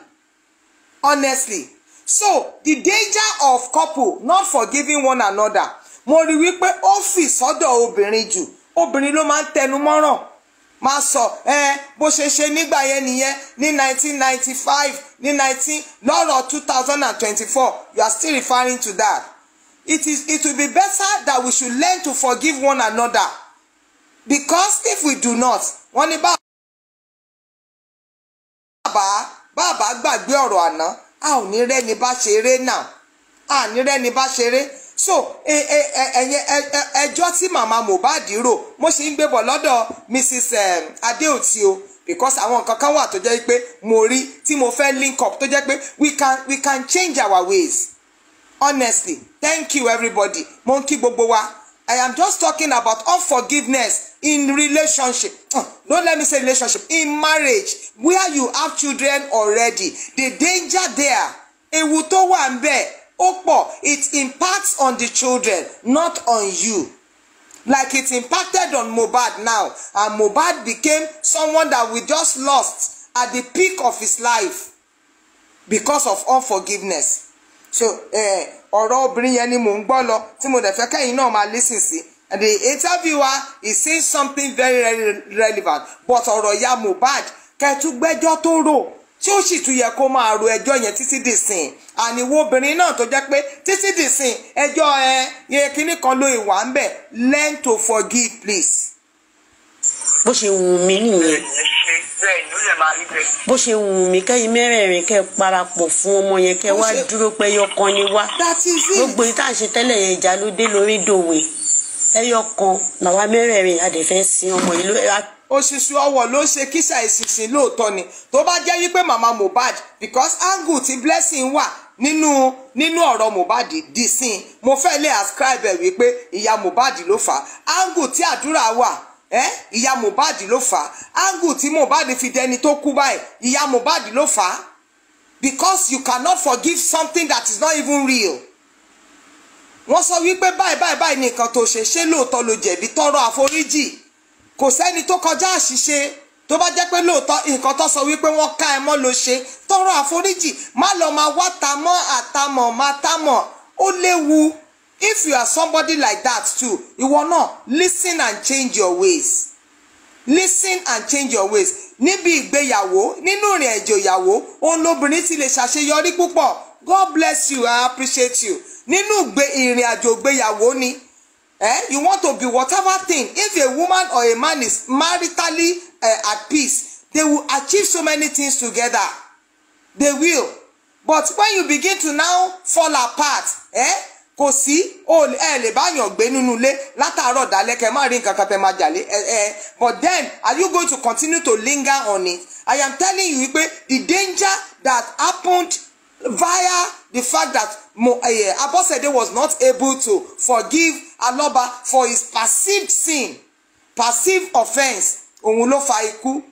honestly so the danger of couple not forgiving one another mo rí wípé ó fi sọ́dọ̀ obìnrin jù obìnrin ló máa ń tẹnu mọ́ràn máa sọ ẹ bó ṣe ṣe nígbà yẹn nìyẹn ní 1995 ní 19 lọ́rọ̀ 2024 you are still referring to that it is it will be better that we should learn to forgive one another because if we do not wọ́n ní bá bàbá bàbá gbàgbé ọ̀rọ̀ àná a ò ní rẹ́ni bá ṣeré náà a ní rẹ́ni bá ṣeré so ẹjọ́ tí màmá Mohbad rò mo sì ń gbébọ̀ lọ́dọ̀ Mrs ehm, Adeoti o because àwọn nǹkan kan wà tó jẹ́ pé mo rí tí mo fẹ́ link up tó jẹ́ pé we can we can change our ways honestly thank you everybody mo ń kí gbogbo wa I am just talking about unforgiveness in relationship ah, no let me say relationship in marriage where you have children already the danger there ewu tó wà ń bẹ̀ ó pọ̀ it impacts on the children not on you like it impacted on Mohbad now and Mohbad became someone that we just lost at the peak of his life because of unforgiveness so eh, ọ̀rọ̀ obìnrin yẹn ni mò ń gbọ́ lọ tí mo dẹ̀ fẹ́ kẹ́yìn náà máa lísìn sí And the interviewer is saying something very very relevant but ọ̀rọ̀ ya Mohbad kẹtùgbẹ́jọ́ tó rò tí ó sì tún yẹ kó máa ro ẹjọ́ yẹn títí dìsìn àníwó obìnrin náà tó jẹ́ pé títí dìsìn ẹjọ́ ẹ yẹ kínní kan ló ìwà ń bẹ̀ learn to forgive please. bó ṣe wù mí nìyẹn bó ṣe wù mí kẹ́yìn mẹ́rẹ̀ẹ̀rin kẹ́ parapọ̀ fún ọmọ yẹn kẹ́ wá dúró pé ẹyọ kan ni wá gbogbo ìta ṣe tẹ́lẹ̀ yẹn ìjà ló dé lórí dòwe ẹyọ kan làwa mẹ́rẹ̀ẹ̀rin adẹ̀fẹ́ sin ọmọ yìí ló òṣìṣú ọwọ ló ṣe kíṣà ìṣìṣì lóòótọ́ ni tó bá jẹ́ wípé màmá Mohbad because angle ti blessing wà nínú nínú ọ̀rọ̀ Mohbad di sin mo fẹ́ lè ascribe ẹ̀ wípé ìyá Mohbad ló fà á angle tí àdúrà wà eh? ìyá Mohbad ló fà á angle tí Mohbad fi dẹni tó kú báyìí ìyá Mohbad ló fà á because you cannot forgive something that is not even real wọ́n sọ wípé báyìí báyìí báyìí nìkan tó ṣe ṣé lóòótọ́ ló jẹ̀bi tọrọ àforíjì kò sẹ́ni tó kọjá àṣìṣe tó bá jẹ́ pé lóòótọ́ nǹkan tó sọ wípé wọ́n ká ẹ mọ́ ló ṣe tọrọ àforíjì má lọ máa wá tamọ́ àtamọ̀ máa tamọ̀ ó léwu if you are somebody like that too ìwọ náà listen and change your ways listen and change your ways níbi ìgbéyàwó nínú ìrìn àjò ìyàwó òun lóbìnrin ti lè ṣàṣeyọrí púpọ̀ God bless you I appreciate you nínú ìrìn àjò ìgbéyàwó ni eh? you want to be whatever thing if a woman or a man is maritally uh, at peace they will achieve so many things together they will but when you begin to now fall apart eh? kò sí ẹ lè báyàn gbé nínú ilé látàárọ̀ dálẹ́ kẹ má rí nǹkan kan tẹ máa jàlé ẹ eh, ẹ eh. but then are you going to continue to linger on it I am telling you pé the danger that happened via the fact that uh, Abosede was not able to forgive Aloba for his perceived sin, perceived offense, òun ló fa ikú.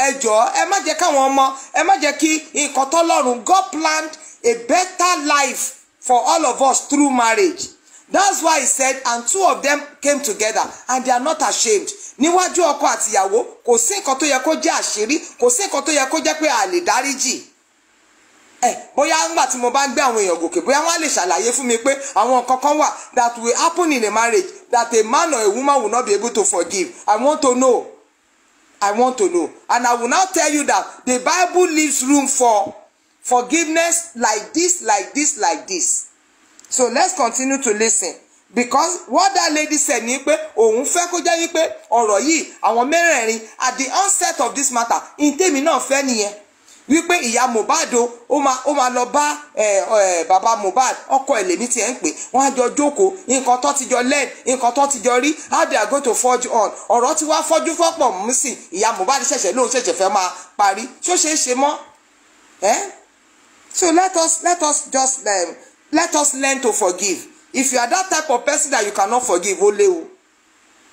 Ẹ jọ̀ọ́ ẹ má jẹ́ káwọn ọmọ ẹ má jẹ́ kí nǹkan tọ́lọ́run God planned a better life for all of us through marriage. That's why he said and two of them came together and they are not ashamed. Níwájú ọkọ àtìyàwó kò sí nǹkan tó yẹ kó jẹ́ àṣírí kò sí nǹkan tó yẹ kó jẹ́ pé a dáríjì ẹ eh, bóyá ńgbà tí mo bá ń gbé àwọn èèyàn gòkè bóyá wọn á lè ṣàlàyé fún mi pé àwọn nǹkan kan wà that will happen in a marriage that a man or a woman will not be able to forgive i want to know i want to know and i will now tell you that the bible leaves room for forgiveness like this like this like this so let's continue to listen because what that lady said ni pé òun fẹ́ kó jẹ́ wípé ọ̀rọ̀ yìí àwọn mẹ́rẹ̀ẹ̀rin at the onset of this matter ntèmi náà fẹ́ nìyẹn wípé ìyá Mohbad o ó máa ó máa lọ bá bàbá Mohbad ọkọ ẹ̀ lèmi tiẹ̀ ń pè wọ́n á jọ jókòó nǹkan tó ti jọ learn nǹkan tó ti jọ rí how they are going to forge on ọ̀rọ̀ tí wàá fọ́jú fọ́pọ̀ mú sí ìyá Mohbad ṣẹ̀ṣẹ̀ lóun ṣẹ̀ṣẹ̀ fẹ́ máa parí ṣó ṣeé ṣe mọ́ so let us let us just um, let us learn to forgive if you are that type of person that you cannot forgive ó léwu.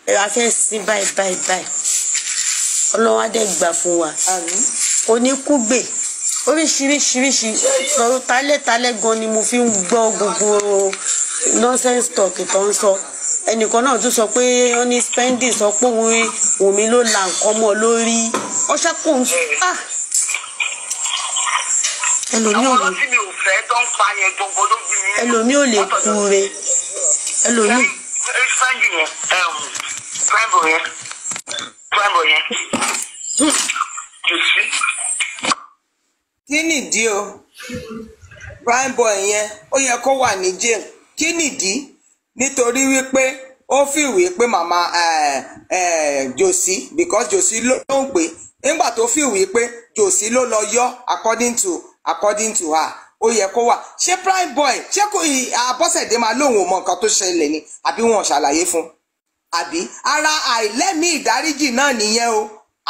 ẹ wá fẹ́ sin báyìí báyìí báyìí ọlọ́wádẹ́ gbà fún wa. àmín oníkúgbè oríṣiríṣiríṣi sọ̀rọ̀ gan ni mo fi ń gbọ́ gbogbo nonsense talk tó ń sọ ẹnìkan náà tún sọ pé wọ́n ní spending sọ pé òun òmí ló la nǹkan mọ́ lórí ọṣẹ́ kò ń fà ah! ẹlòmíì ò lè ẹlòmíì ò lè kú re ẹlòmíì. spending yẹn prime boy yẹn prime yẹn hmm, kí nìdí o prime boy yẹn ó yẹ kó wà ní jail kí nìdí nítorí wípé ó fìwé pé màmá eh, eh, jòsí because jòsí ló ń pè nígbà tó fìwé pé jòsí ló lọ yọ according to according to her ó yẹ kó wà ṣé prime boy ṣé kò Abọ́sẹ̀dé máa lóun ò mọ nǹkan tó ṣẹlẹ̀ ni àbí wọn ò ṣàlàyé fún àbí ara àìlẹ́mìí ìdáríjì náà nìyẹn o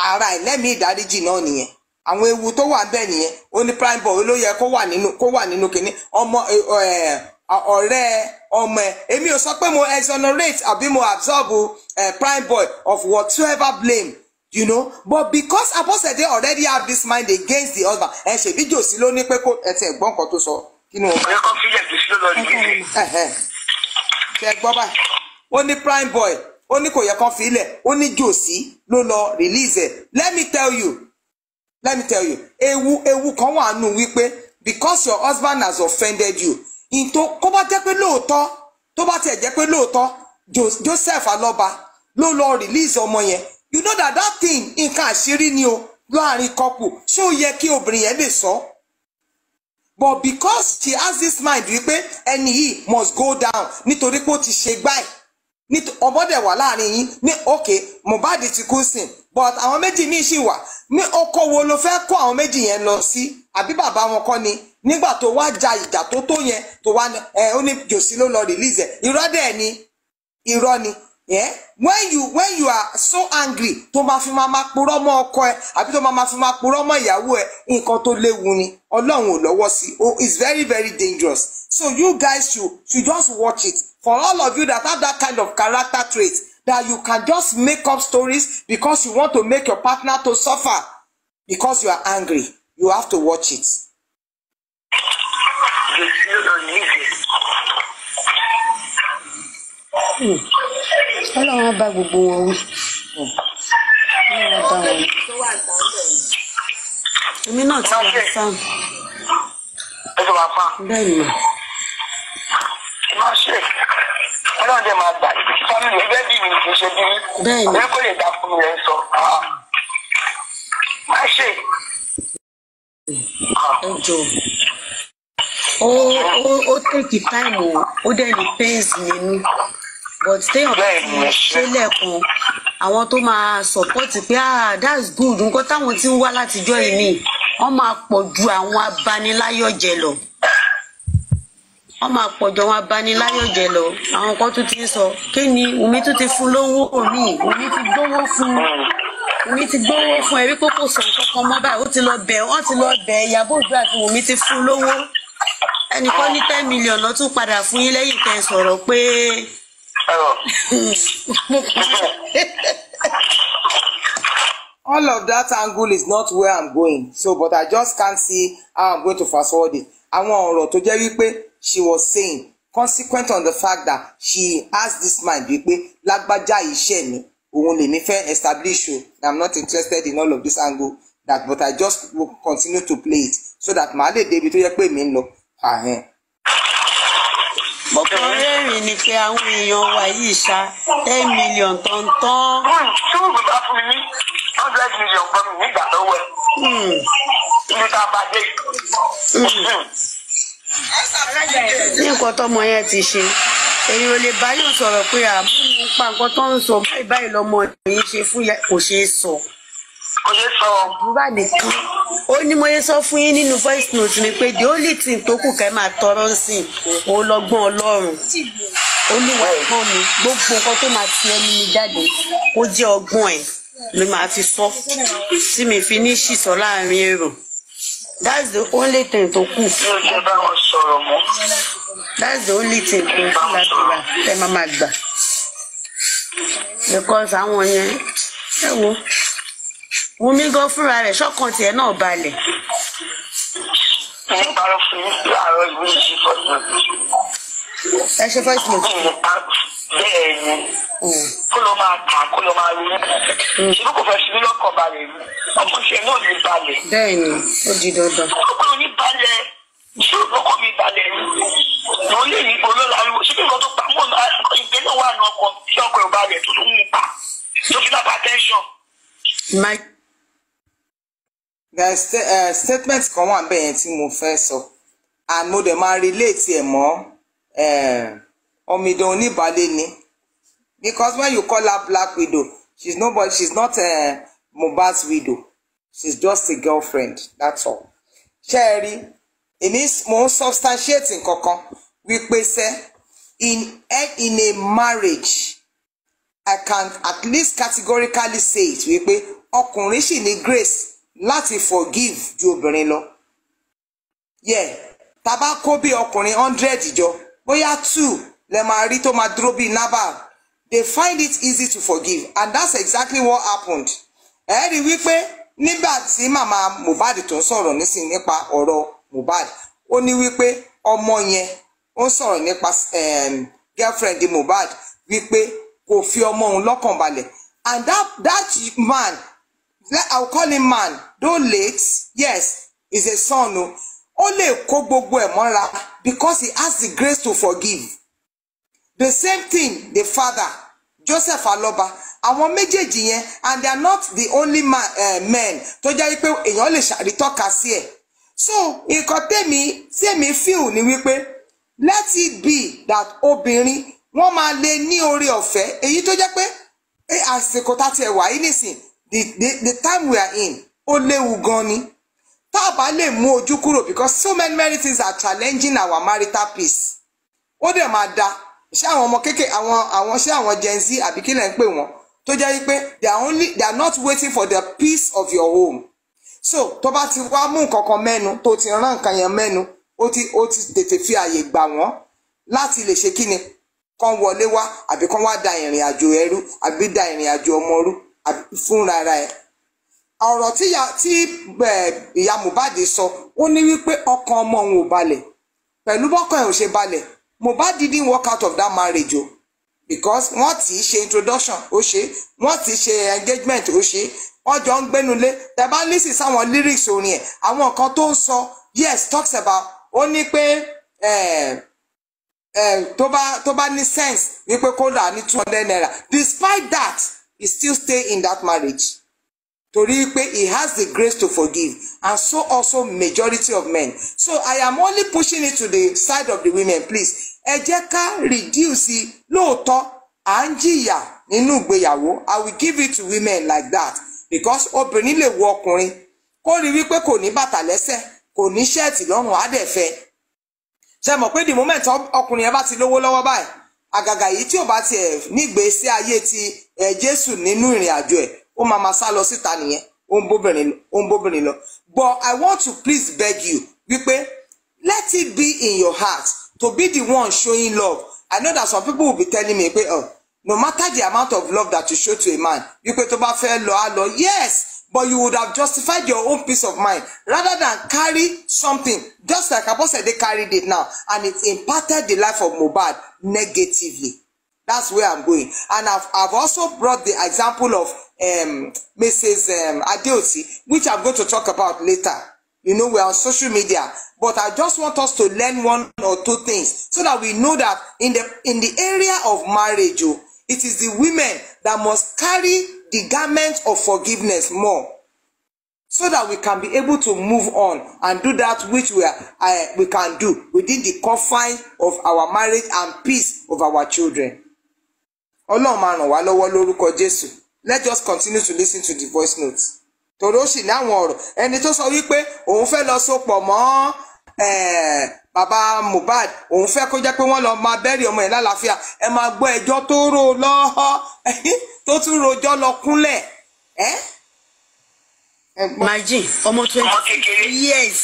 ara àìlẹ́mìí ìdáríjì náà nìyẹn àwọn ewu tó wà bẹ́ẹ̀ nìyẹn ó ní prime boy ló yẹ kó wà nínú kó wà nínú kínní ọmọ eh, eh, ọ̀rẹ́ ọmọ ẹ̀ èmi ò sọ pé mo exonerate àbí mo absorb uh, prime boy of whatsoever blame you know but because Abosede already have this mind against the husband ẹ ṣèbí jòsí ló ní pé kó ẹ ti ẹ̀gbọ́n kan tó sọ kí ni wọn. ọ̀rẹ́ kan fi yẹ̀dù sí lọ́dọ̀ yìí. ṣe gbọ́ báyìí ó ní prime boy ó ní kò yẹ kán fi ilẹ̀ ó ní jòsí ló lọ release ẹ̀ let me tell you let me tell you ewu ewu kan wà nù wípé because your husband has offended you ìtò kó bá jẹ́ pé lóòótọ́ tó bá tiẹ̀ jẹ́ pé lóòótọ́ Joseph alọba ló lọ release ọmọ yẹn you know that that thing nǹkan àṣírí ni o láàrin couple ṣé ó yẹ kí obìnrin yẹn lè sọ but because she has this mind wípé ẹni yìí must go down nítorí pé ó ti ṣe gbáì ọmọdé wà láàrin yín ní Mohbad ti kú sìn but àwọn méjì míì sì wà ní oko wo ló fẹ́ kó àwọn méjì yẹn lọ sí àbí bàbá wọn kọ́ ni nígbà tó wá ja ìjà tó tó yẹn tó wá ẹ ó ní jòsí ló lọ release ẹ irọ́ dẹ̀ ni irọ́ ni yeah? when you when you are so angry tó máa fi máa máa purọ́ mọ́ ọkọ ẹ àbí tó máa máa fi máa purọ́ mọ́ ìyàwó ẹ nǹkan tó léwu ni ọlọ́run ò lọ́wọ́ sí o oh, it's very very dangerous so you guys should should just watch it for all of you that have that kind of character trait that you can just make up stories because you want to make your partner to suffer because you are angry. You have to watch it. You feel uneasy. Ọlọ́run á bá gbogbo wọn wí. Ọlọ́run á bá wọn wí. Èmi náà ti wà sáà. Bẹ́ẹ̀ni máa ṣe ọlọ́run dẹ̀ máa gbà fámìlì ẹgbẹ́ bí mi kì í ṣe bí mi àbí lè dá fún mi rẹ̀ sọ má ṣe. ẹ jọ ó ó ó tètè táìmù dẹ̀ ní pẹ́ǹsì nínú but téèyàn bá ti ṣe lẹ́ẹ̀kan àwọn tó máa sọ̀pọ́tì pé ah that's good nǹkan táwọn ti ń wá látijọ́ yìí ni wọ́n máa pọ̀ ju àwọn abaniláyọ̀jẹ̀ lọ wọ́n máa pọ̀jọ́ wọn abániláyọ̀jẹ̀ lọ àwọn kan tún ti ń sọ kí ni Wùmí tún ti fún lówó mi Wùmí ti gbówó fún Wùmí ti gbówó fún ẹ̀rí pé sọ nǹkan kan báyìí ó ti lọ bẹ̀ wọ́n ti lọ bẹ̀ Ìyábò Òjó àti Wùmí ti fún lówó ẹnìkan ní ten million lọ tún padà fún yín lẹ́yìn tẹ́ sọ̀rọ̀ pé. [laughs] all of that angle is not where i'm going so but i just can't see how i'm going to fast forward it àwọn ọ̀rọ̀ tó jẹ́ wípé she was saying consequent on the fact that she has this mind wípé lágbájá iṣẹ́ mi òun lèmi fẹ́ establish o i'm not interested in all of this angle that but i just will continue to play it so that màá lè débi tó yẹ pé mi ń lọ àhẹn. ọ̀rẹ́ mi ni pé àwọn èèyàn wa yìí ṣá ten million tọ̀ntọ̀n. tí wọ́n bá fún mi ní hundred million fún mi nígbà lọ́wọ́ ẹ̀ níbi hmm. tá a bá dé. Hmm. Hmm ní nǹkan tọmọ yẹn ti ṣe èyí ò lè báyọ̀ sọ̀rọ̀ pé àbúrò ń pa nǹkan tó ń sọ báyìí báyìí lọmọ yìí ṣe fún yẹ kò ṣeé sọ. kò ṣeé sọ. búrà nìkan ó ní mo yẹ sọ fún yín nínú voice note mi pé the only thing tó kù kẹ́ máa tọrọ sí òun lọ́gbọ́n ọlọ́run olúwa ẹ̀gbọ́n mi gbogbo nǹkan tó máa ti ẹnu mi jáde ó jẹ́ ọgbọ́n ẹ̀ ló máa fi sọ tí mi fi ní ṣìṣọ́ láàrin èrò that's the only thing to cook. that's the only thing tó kù because àwọn yẹn ẹ wo Wùmí go for a short country, náà Bali. mi parọ́ fún mi láàárọ̀ ìwé ìṣe fọ́tò bẹ́ẹ̀ ni kó ló máa kà kó ló máa rí ṣùgbọ́n kò fẹ́ ṣubú lọ́kàn balẹ̀ rí ọmọ ṣe náà ní balẹ̀. bẹ́ẹ̀ ni ó di dandan. ṣùgbọ́n kò ní balẹ̀ ṣùgbọ́n kò ní balẹ̀ rí ló lè ní ibo lọ́la rí ṣé kí nǹkan tó pa mọ́ ìgbé náà wà ní ọkọ̀ tí ọkọ̀ ẹ̀ balẹ̀ tó tún mú pa tó fi dábàá tẹ́ńṣọ̀n. Eh, statement kan wà bẹ́ẹ̀ yẹn tí mo fẹ́ sọ and mo dẹ̀ máa relate ẹ̀ mọ́ eh, omidan oníbàálẹ̀ ni because when you call her black widow she's nobody she's not uh, Mohbad's widow she's just a girlfriend that's all ṣe ẹ rí èmi mò ń substantiate nǹkankan wípé sẹ in in a marriage I can at least categorically say it wípé ọkùnrin sì ní grace láti forgive ju obìnrin lọ yeah tá bá kó bí ọkùnrin hundred jọ bóyá two lẹ máa madrobi tó they find it easy to forgive and that's exactly what happened Every week wípé nígbà tí màmá Mohbad tó ń sọ̀rọ̀ nísìnyí nípa ọ̀rọ̀ Mohbad ó ní wípé on yẹn ó ń sọ̀rọ̀ nípa girlfriend Mohbad wípé kò fi ọmọ òun lọ́kàn balẹ̀ and that that man I'll call him man though late yes is a son o ó lè because he has the grace to forgive the same thing the father Joseph Aloba àwọn méjèèjì yẹn and they are not the only man, uh, eh, men tó jẹ́ pé èèyàn lè ṣàrítọ́ka sí ẹ̀ so nǹkan tèmi tèmi feel ni wípé let it be that obìnrin wọ́n máa lè ní oore ọ̀fẹ́ èyí tó jẹ́ pé eh, àsìkò tá ti ẹ̀ wà yìí nísìn the the the time we are in ó léwu gan ni tá a bá lè mú ojú kúrò because so many many things are challenging our marital peace ó dẹ̀ máa da ṣé àwọn ọmọ kéékèèké àwọn àwọn ṣé àwọn gen z àbí kí lẹ̀ ń pè wọ́n tó jẹ́ wípé they are only they are not waiting for the peace of your home so tó bá ti wá mú nǹkan kan mẹ́nu tó ti rán nǹkan yẹn mẹ́nu ó ti ó ti tètè fi àyè gbà wọ́n láti lè ṣe kíni kan wọlé wá àbí kan wá da ìrìn àjò ẹrú àbí da ìrìn àjò ọmọ rú fúnra ẹ̀ ọ̀rọ̀ tí ìyá Mohbad sọ ó ní wípé ọkàn ọmọ òun ò balẹ̀ pẹ̀lú bọ́kàn ẹ̀ ò ṣe balẹ̀ Mohbad didn't work out of that marriage o because wọ́n ti ṣe introduction O ṣe wọ́n ti ṣe engagement O ṣe wọ́n jọ ń gbénulé tẹ́ bá lísì sáwọn lyrics orin ẹ̀ àwọn nǹkan tó ń sọ yes talks about ó ní pé eh, eh, tó bá tó bá ní sense wípé kódà ní two hundred naira despite that he still stay in that marriage torí pé he has the grace to forgive and so also majority of men so i am only pushing it to the side of the women please ẹ jẹ́ ká reduce lóòótọ́ à ń jìyà nínú ìgbéyàwó i will give it to women like that because obìnrin lè wo ọkùnrin kó rí wípé kò ní bàtà lẹ́sẹ̀ kò ní ṣẹ́ẹ̀tì lọ́rùn àdẹ̀fẹ́ ṣe mọ̀ pé the moment ọkùnrin yẹn bá ti lówó lọ́wọ́ báyìí àgàgà yìí tí ò bá tiẹ̀ nígbèésí ayé ti ẹ̀ jésù nínú ìrìn àjò ẹ̀ ó máa máa sá lọ síta nìyẹn ó ń bóbìnrin ó ń bóbìnrin lọ but i want to please beg you wípé let it be in your heart to be the one showing love i know that some people will be telling me pé oh, no matter the amount of love that you show to a man wípé tó bá fẹ́ lọ á lọ yes but you would have justified your own peace of mind rather than carry something just like Abosede carried it now and it impacted the life of Mohbad negatively. That's where I'm going. And I've, I've also brought the example of um, Mrs. Um, Adeoti, which I'm going to talk about later. You know, we're on social media. But I just want us to learn one or two things so that we know that in the, in the area of marriage, oh, it is the women that must carry the garment of forgiveness more so that we can be able to move on and do that which we, are, uh, we can do within the confines of our marriage and peace of our children ọlọ́run máa ràn wá lọ́wọ́ lórúkọ jésù let us continue to listen to the voice note torí ó sì ní àwọn ọ̀rọ̀ ẹni tó sọ wípé òun fẹ́ lọ sopọ̀ mọ́ bàbá Mohbad òun fẹ́ kó jẹ́ pé wọ́n lọ máa bẹ́rì ọmọ ẹ̀ lálàáfíà ẹ máa gbọ́ ẹjọ́ tó rò lọ́ọ́ [laughs] tó tún rojọ́ lọ kúnlẹ̀ ẹ́. Maji ọmọ twenty years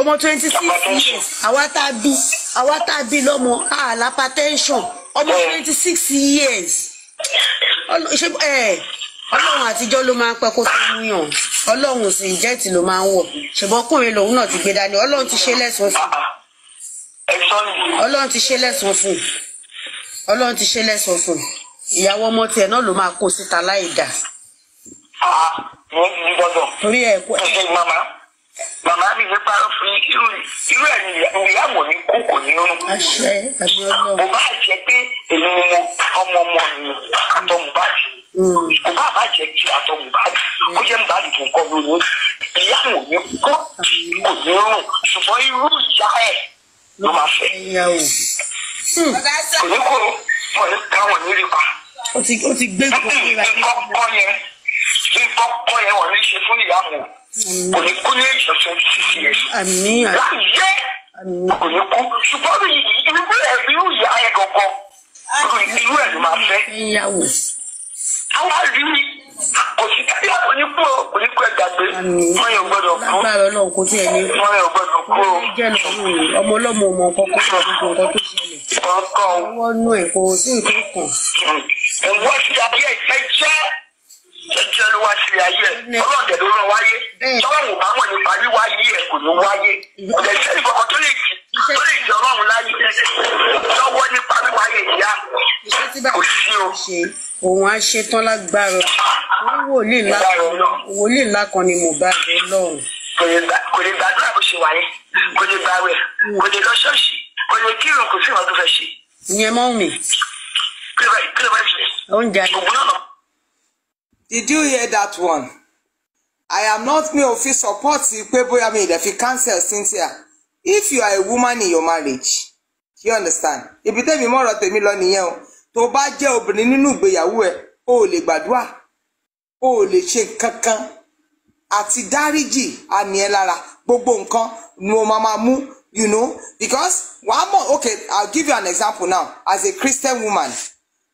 ọmọ twenty six years àwa tá a bí àwa tá a bí lọ́mọ àlàpà tension ọmọ twenty six years ọlọ́run àtijọ́ ló máa ń pẹ́ kó tó mú yàn ọlọ́run sì jẹ́ẹ̀tì ló máa ń wọ̀ ṣùgbọ́n ọkùnrin lòun náà ti gbé dání ọlọ́run ti ṣe lẹ́sùn fún ọlọ́run ti ṣe lẹ́sùn fún ọlọ́run ti ṣe lẹ́sùn fún ìyàwó ọmọ tiẹ̀ náà ló máa kó síta láì dà. Ah, torí ẹ kó ẹ màmá mi ní parọ́ fún irú irú ẹ̀ nìyá mò ní kú kò ní ọrùn. mo bá jẹ pé èmi ni mo ọmọ ọmọ mi àtọ Mohbad kò mm. bá bá jẹ kí àtọ Mohbad kó jẹ Mohbad tó kọ lónìí ìyá mò ní kú kò ní ọrùn ṣùgbọ́n irú ìyá ẹ̀ ló máa fẹ́. Hmm. kò ní kó mọ̀ ní káwọn ní rí pa. o ti gbé nǹkan yẹn nǹkan kọ́ yẹn wọ́n ní ṣe fún ìyá mò kò ní kú ní ìṣẹ̀ṣẹ̀ ṣíṣe yẹn. láì yẹ kò ní kú ṣùgbọ́n irú ẹ̀rí yóò yá ẹ gangan irú ẹ̀ ló máa fẹ́. àwa rí kò sí kí kò ní kú kò ní kú ẹ̀dàgbé wọ́n yóò gbọ́dọ̀ kú wọ́n yóò gbọ́dọ̀ kú o. ọmọ ọlọ́mọ ọmọ kọ́kọ́ sọ gbogbo nǹkan tó ṣẹlẹ̀. ọkọ wọn nú ẹ̀kọ́ sí nǹkan kan. ẹ̀wọ́n ti ayé jẹ́jẹ́ ló wá ṣe ayé ẹ̀ ọlọ́ọ̀dẹ̀ ló rán wáyé tọ́lọ́hùn bá mọ̀ nípa wíwá yí ẹ̀ kò ní wáyé ọ̀dẹ̀ iṣẹ́ ìkọ̀kọ̀ tó lè jì tó lè jì ọlọ́run láyé lọ́wọ́ nípa wíwá yé ìyá kò sí o. òun á ṣe tán lágbára wòlíì ńlá kan ni mo bá bẹ lọ́run. kò lè gbàdúrà bó ṣe wáyé kò lè gbàwẹ̀ kò lè lọ ṣọ́ọ̀ṣì kò lè kírun kò sí ìwà tó fẹ́ ṣe. ìyẹn mọ́ mi. kí ló bá ṣe. oúnjẹ àyè. òògùn náà Did you hear that one? I am not me ò fi support pé bóyá mi ìdẹ̀ fi cancel Cynthia. If you are a woman in your marriage, you understand? Ibi tẹ́mi mọ̀rọ̀ tèmi lọ nìyẹn o. Tó bá jẹ́ obìnrin nínú ìgbéyàwó ẹ̀, o ò lè gbàdúrà, o ò lè ṣe kankan. Àti dáríjì àní ẹ lára gbogbo nǹkan ni mo máa mú you know because one more okay I'll give you an example now as a Christian woman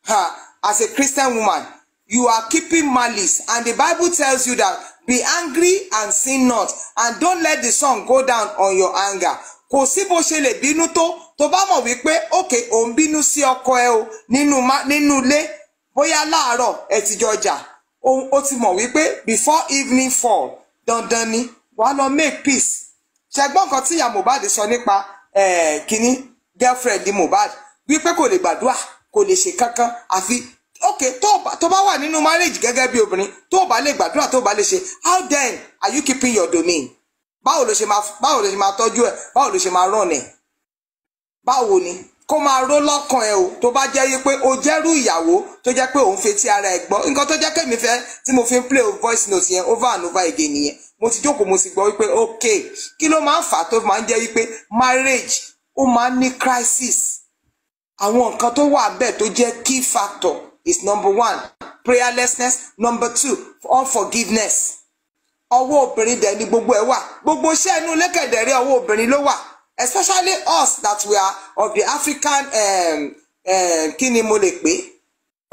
huh, as a Christian woman you are keeping malice and the bible tells you that be angry and sin not and don't let the sun go down on your anger kò sí bó ṣe lè bínú tó tó bá mọ̀ wípé òkè ò ń bínú sí ọkọ ẹ o nínú ilé bóyá láàárọ̀ ẹ ti jọ jà ó ti mọ̀ wípé before evening fall dandan ni wàá lọ make peace ṣẹgbọ́n nǹkan tí ìyá Mohbad sọ nípa kínní girlfriend Mohbad wípé kò lè gbàdúrà kò lè ṣe kankan àfi ok tó bá wà nínú marriage gẹ́gẹ́ bí obìnrin tó bá lè gbàdúrà tó bá lè ṣe how then are you keeping your domain báwo ló ṣe máa báwo ló ṣe máa tọ́jú ẹ̀ báwo ló ṣe máa ràn ẹ̀ báwo ni kó máa ró lọ́kàn ẹ o tó bá jẹ́ yí pé o jẹ́rú ìyàwó tó jẹ́ pé òun fetí ara ẹ̀ gbọ́ nǹkan tó jẹ́ kémi fẹ́ tí mo fi ń play voice note yẹn over and over again nìyẹn mo ti jókòó mo sì gbọ́ wípé ok kí ló máa ń fà tó máa ń jẹ́ wípé marriage ó máa ń ní crisis àwọn nǹkan tó wà bẹ́ẹ̀ tó jẹ́ key factor is number one prayerlessness number two unforgiveness ọwọ́ obìnrin dẹ̀ ni gbogbo ẹ̀ wà gbogbo iṣẹ́ inú lẹ́kẹ̀dẹ̀rẹ́ ọwọ́ obìnrin ló wà especially us that we are of the African um, um, kí ni mo lè pè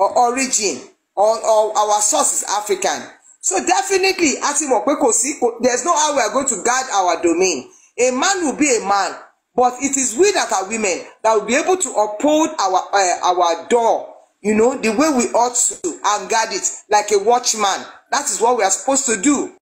or origin or, or our source is African so definitely a ti mọ̀ pé kò sí there is no how we are going to guard our domain a man will be a man but it is we that are women that will be able to uphold our, uh, our door You know, the way we ought to, and guard it like a watchman. That is what we are supposed to do.